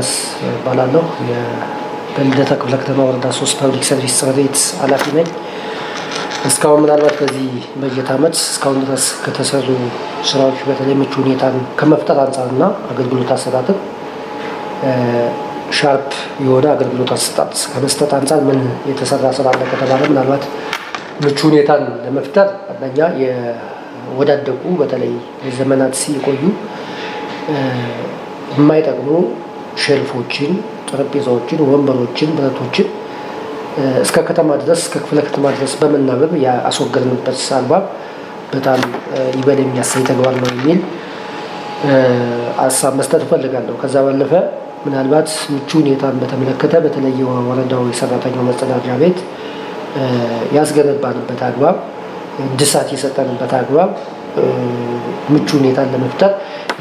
ዮሐንስ እባላለሁ። በልደታ ክፍለ ከተማ ወረዳ ሶስት ፐብሊክ ሰርቪስ ጽሕፈት ቤት ኃላፊ ነኝ። እስካሁን ምናልባት በዚህ በጀት ዓመት እስካሁን ድረስ ከተሰሩ ስራዎች በተለይ ምቹ ሁኔታን ከመፍጠር አንጻርና አገልግሎት አሰጣጥን ሻርፕ የሆነ አገልግሎት አሰጣጥ ከመስጠት አንጻር ምን የተሰራ ስራ አለ ከተባለ ምናልባት ምቹ ሁኔታን ለመፍጠር አንደኛ የወዳደቁ በተለይ ዘመናት ሲቆዩ የማይጠቅሙ ሸልፎችን ጠረጴዛዎችን፣ ወንበሮችን፣ ብረቶችን እስከ ከተማ ድረስ እስከ ክፍለ ከተማ ድረስ በመናበብ ያስወገድንበት አግባብ በጣም ይበል የሚያሳይ ተግባር ነው የሚል ሀሳብ መስጠት እፈልጋለሁ። ከዛ ባለፈ ምናልባት ምቹ ሁኔታን በተመለከተ በተለየ ወረዳው የሰራተኛው መጸዳጃ ቤት ያስገነባንበት አግባብ እድሳት የሰጠንበት አግባብ ምቹ ሁኔታን ለመፍጠር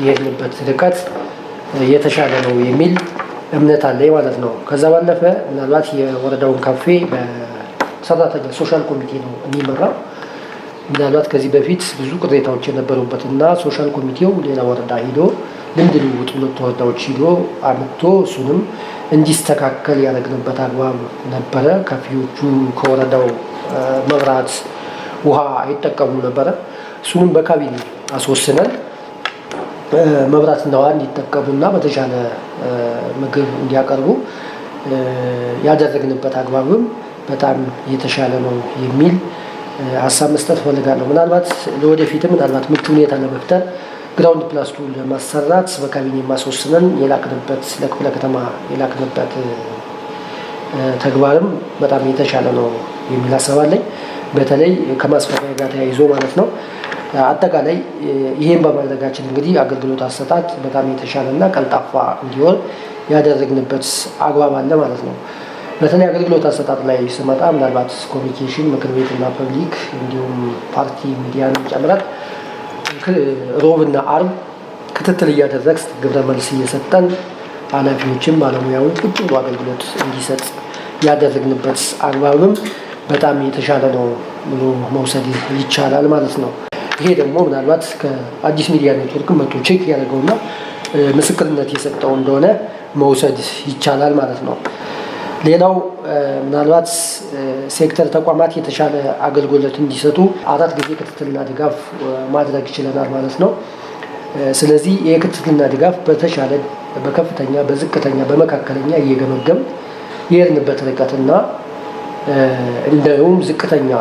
የሄድንበት ርቀት የተሻለ ነው የሚል እምነት አለ ማለት ነው። ከዛ ባለፈ ምናልባት የወረዳውን ካፌ በሰራተኛ ሶሻል ኮሚቴ ነው የሚመራው። ምናልባት ከዚህ በፊት ብዙ ቅሬታዎች የነበሩበት እና ሶሻል ኮሚቴው ሌላ ወረዳ ሂዶ ልምድ ልውውጥ ሁለቱ ወረዳዎች ሂዶ አምጥቶ እሱንም እንዲስተካከል ያደረግንበት አግባብ ነበረ። ከፊዎቹ ከወረዳው መብራት፣ ውሃ አይጠቀሙ ነበረ። እሱንም በካቢኔ አስወስነን መብራት በመብራትና ውሃ እንዲጠቀሙና በተሻለ ምግብ እንዲያቀርቡ ያደረግንበት አግባብም በጣም የተሻለ ነው የሚል ሀሳብ መስጠት ፈልጋለሁ። ምናልባት ለወደፊትም ምናልባት ምቹ ሁኔታ ለመፍጠር ግራውንድ ፕላስቱ ለማሰራት በካቢኔ የማስወስነን የላክንበት ለክፍለ ከተማ የላክንበት ተግባርም በጣም የተሻለ ነው የሚል ሀሳብ አለኝ። በተለይ ከማስፈራሪያ ጋር ተያይዞ ማለት ነው። አጠቃላይ ይህን በማድረጋችን እንግዲህ አገልግሎት አሰጣጥ በጣም የተሻለና ቀልጣፋ እንዲሆን ያደረግንበት አግባብ አለ ማለት ነው። በተለይ አገልግሎት አሰጣጥ ላይ ስመጣ ምናልባት ኮሚኒኬሽን፣ ምክር ቤትና ፐብሊክ እንዲሁም ፓርቲ ሚዲያን ጨምረን ሮብና አርብ ክትትል እያደረግ ግብረ መልስ እየሰጠን ኃላፊዎችም ባለሙያውን ቁጭ ብሎ አገልግሎት እንዲሰጥ ያደረግንበት አግባብም በጣም የተሻለ ነው ብሎ መውሰድ ይቻላል ማለት ነው። ይሄ ደግሞ ምናልባት ከአዲስ ሚዲያ ኔትወርክ መቶ ቼክ ያደርገውና ምስክርነት የሰጠው እንደሆነ መውሰድ ይቻላል ማለት ነው። ሌላው ምናልባት ሴክተር ተቋማት የተሻለ አገልግሎት እንዲሰጡ አራት ጊዜ ክትትልና ድጋፍ ማድረግ ይችለናል ማለት ነው። ስለዚህ ክትትልና ድጋፍ በተሻለ በከፍተኛ፣ በዝቅተኛ፣ በመካከለኛ እየገመገም የሄድንበት ርቀትና እንደውም ዝቅተኛ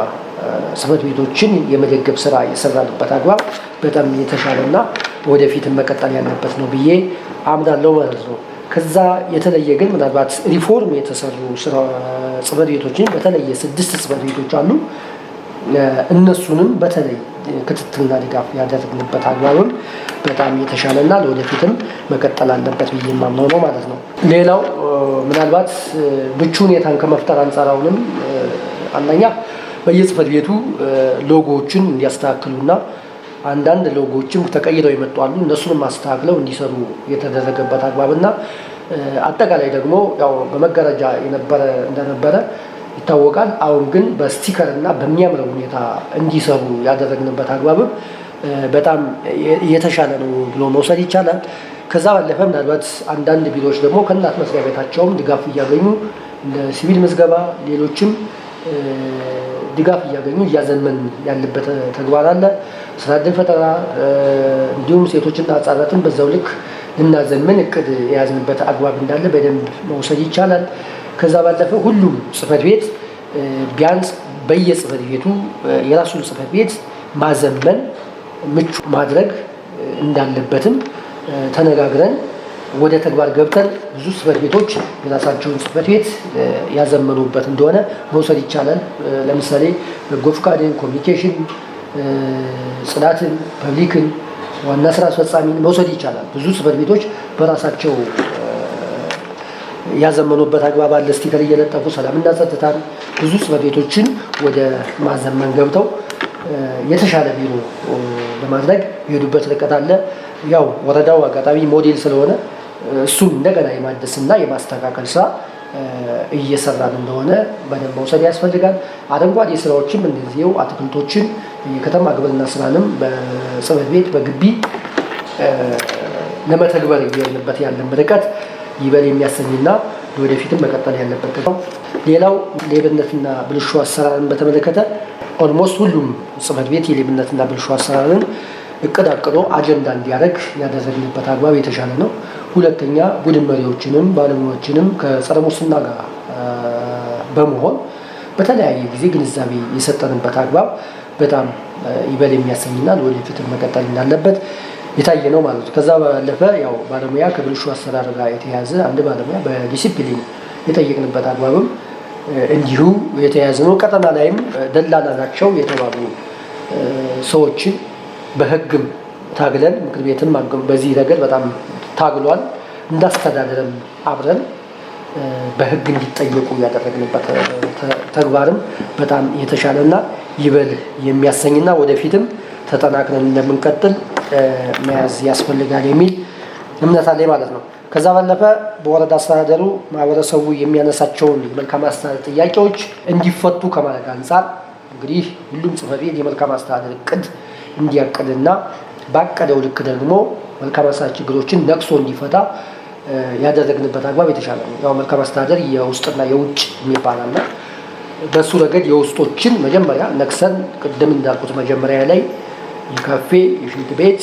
ጽሕፈት ቤቶችን የመደገብ ስራ የሰራንበት አግባብ በጣም የተሻለና ወደፊትም መቀጠል ያለበት ነው ብዬ አምናለሁ ማለት ነው። ከዛ የተለየ ግን ምናልባት ሪፎርም የተሰሩ ጽሕፈት ቤቶችን በተለየ ስድስት ጽሕፈት ቤቶች አሉ። እነሱንም በተለይ ክትትልና ድጋፍ ያደረግንበት አግባብም በጣም የተሻለና ለወደፊትም መቀጠል አለበት ብዬ የማምነው ነው ማለት ነው። ሌላው ምናልባት ምቹ ሁኔታን ከመፍጠር አንጻራውንም አንደኛ በየጽህፈት ቤቱ ሎጎዎቹን እንዲያስተካክሉና አንዳንድ ሎጎዎችም ተቀይረው የመጡ አሉ። እነሱንም አስተካክለው እንዲሰሩ የተደረገበት አግባብና አጠቃላይ ደግሞ ያው በመጋረጃ የነበረ እንደነበረ ይታወቃል። አሁን ግን በስቲከር እና በሚያምረው ሁኔታ እንዲሰሩ ያደረግንበት አግባብም በጣም የተሻለ ነው ብሎ መውሰድ ይቻላል። ከዛ ባለፈ ምናልባት አንዳንድ ቢሮዎች ደግሞ ከእናት መስሪያ ቤታቸውም ድጋፍ እያገኙ እንደ ሲቪል ምዝገባ ሌሎችም ድጋፍ እያገኙ እያዘመን ያለበት ተግባር አለ። ስራ ፈጠራ እንዲሁም ሴቶችና ህጻናትን በዛው ልክ ልናዘመን እቅድ የያዝንበት አግባብ እንዳለ በደንብ መውሰድ ይቻላል። ከዛ ባለፈ ሁሉም ጽህፈት ቤት ቢያንስ በየጽህፈት ቤቱ የራሱን ጽህፈት ቤት ማዘመን ምቹ ማድረግ እንዳለበትም ተነጋግረን ወደ ተግባር ገብተን ብዙ ጽህፈት ቤቶች የራሳቸውን ጽህፈት ቤት ያዘመኑበት እንደሆነ መውሰድ ይቻላል። ለምሳሌ በጎ ፈቃድን፣ ኮሚኒኬሽን፣ ጽዳትን፣ ፐብሊክን፣ ዋና ስራ አስፈጻሚን መውሰድ ይቻላል። ብዙ ጽህፈት ቤቶች በራሳቸው ያዘመኑበት አግባብ አለ። ስቲከር እየለጠፉ ሰላምና ጸጥታን፣ ብዙ ጽህፈት ቤቶችን ወደ ማዘመን ገብተው የተሻለ ቢሮ ለማድረግ የሄዱበት ርቀት አለ። ያው ወረዳው አጋጣሚ ሞዴል ስለሆነ እሱን እንደገና የማደስና የማስተካከል ስራ እየሰራን እንደሆነ በደንብ መውሰድ ያስፈልጋል። አረንጓዴ ስራዎችም እንደዚው አትክልቶችን፣ የከተማ ግብርና ስራንም በጽሕፈት ቤት በግቢ ለመተግበር እየሄድንበት ያለን ርቀት ይበል የሚያሰኝና ወደፊትም መቀጠል ያለበት ነው። ሌላው ሌብነትና ብልሹ አሰራርን በተመለከተ ኦልሞስት ሁሉም ጽሕፈት ቤት የሌብነትና ብልሹ አሰራርን እቅድ አቅዶ አጀንዳ እንዲያደርግ ያደረግንበት አግባብ የተሻለ ነው። ሁለተኛ ቡድን መሪዎችንም ባለሙያዎችንም ከጸረ ሙስና ጋር በመሆን በተለያየ ጊዜ ግንዛቤ የሰጠንበት አግባብ በጣም ይበል የሚያሰኝና ወደፊት መቀጠል እንዳለበት የታየ ነው ማለት ነው። ከዛ ባለፈ ያው ባለሙያ ከብልሹ አሰራር ጋር የተያዘ አንድ ባለሙያ በዲሲፕሊን የጠየቅንበት አግባብም እንዲሁ የተያዘ ነው። ቀጠና ላይም ደላላ ናቸው የተባሉ ሰዎችን በህግም ታግለን ምክር ቤትን በዚህ ረገድ በጣም ታግሏል። እንዳስተዳደርም አብረን በህግ እንዲጠየቁ ያደረግንበት ተግባርም በጣም የተሻለና ይበልህ የሚያሰኝና ወደፊትም ተጠናክረን እንደምንቀጥል መያዝ ያስፈልጋል የሚል እምነት አለ ማለት ነው። ከዛ ባለፈ በወረዳ አስተዳደሩ ማህበረሰቡ የሚያነሳቸውን የመልካም አስተዳደር ጥያቄዎች እንዲፈቱ ከማድረግ አንጻር እንግዲህ ሁሉም ጽሕፈት ቤት የመልካም አስተዳደር እቅድ እንዲያቅድና ባቀደው ልክ ደግሞ መልካም አስተዳደር ችግሮችን ነቅሶ እንዲፈታ ያደረግንበት አግባብ የተሻለ ነው። ያው መልካም አስተዳደር የውስጥና የውጭ የሚባል አለ። በእሱ ረገድ የውስጦችን መጀመሪያ ነቅሰን ቅድም እንዳልኩት መጀመሪያ ላይ የካፌ የሽንት ቤት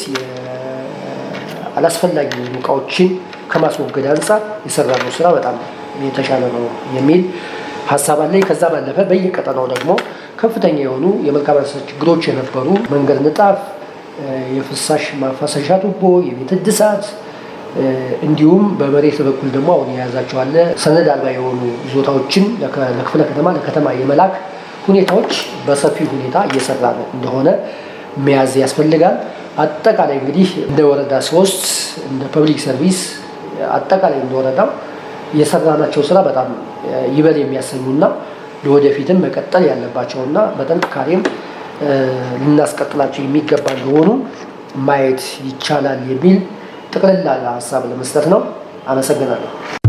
አላስፈላጊ እቃዎችን ከማስወገድ አንጻር የሰራነው ስራ በጣም የተሻለ ነው የሚል ሀሳብ አለ። ከዛ ባለፈ በየቀጠናው ደግሞ ከፍተኛ የሆኑ የመልካም አስተዳደር ችግሮች የነበሩ መንገድ ንጣፍ የፍሳሽ ማፋሰሻ ቱቦ፣ የቤት እድሳት እንዲሁም በመሬት በኩል ደግሞ አሁን የያዛቸው አለ ሰነድ አልባ የሆኑ ይዞታዎችን ለክፍለ ከተማ ለከተማ የመላክ ሁኔታዎች በሰፊ ሁኔታ እየሰራ ነው እንደሆነ መያዝ ያስፈልጋል። አጠቃላይ እንግዲህ እንደ ወረዳ ሶስት እንደ ፐብሊክ ሰርቪስ አጠቃላይ እንደ ወረዳው የሰራናቸው ስራ በጣም ይበል የሚያሰኙና ለወደፊትም መቀጠል ያለባቸውና በጥንካሬም ልናስቀጥላቸው የሚገባ እንደሆኑ ማየት ይቻላል የሚል ጥቅልላ ሀሳብ ለመስጠት ነው። አመሰግናለሁ።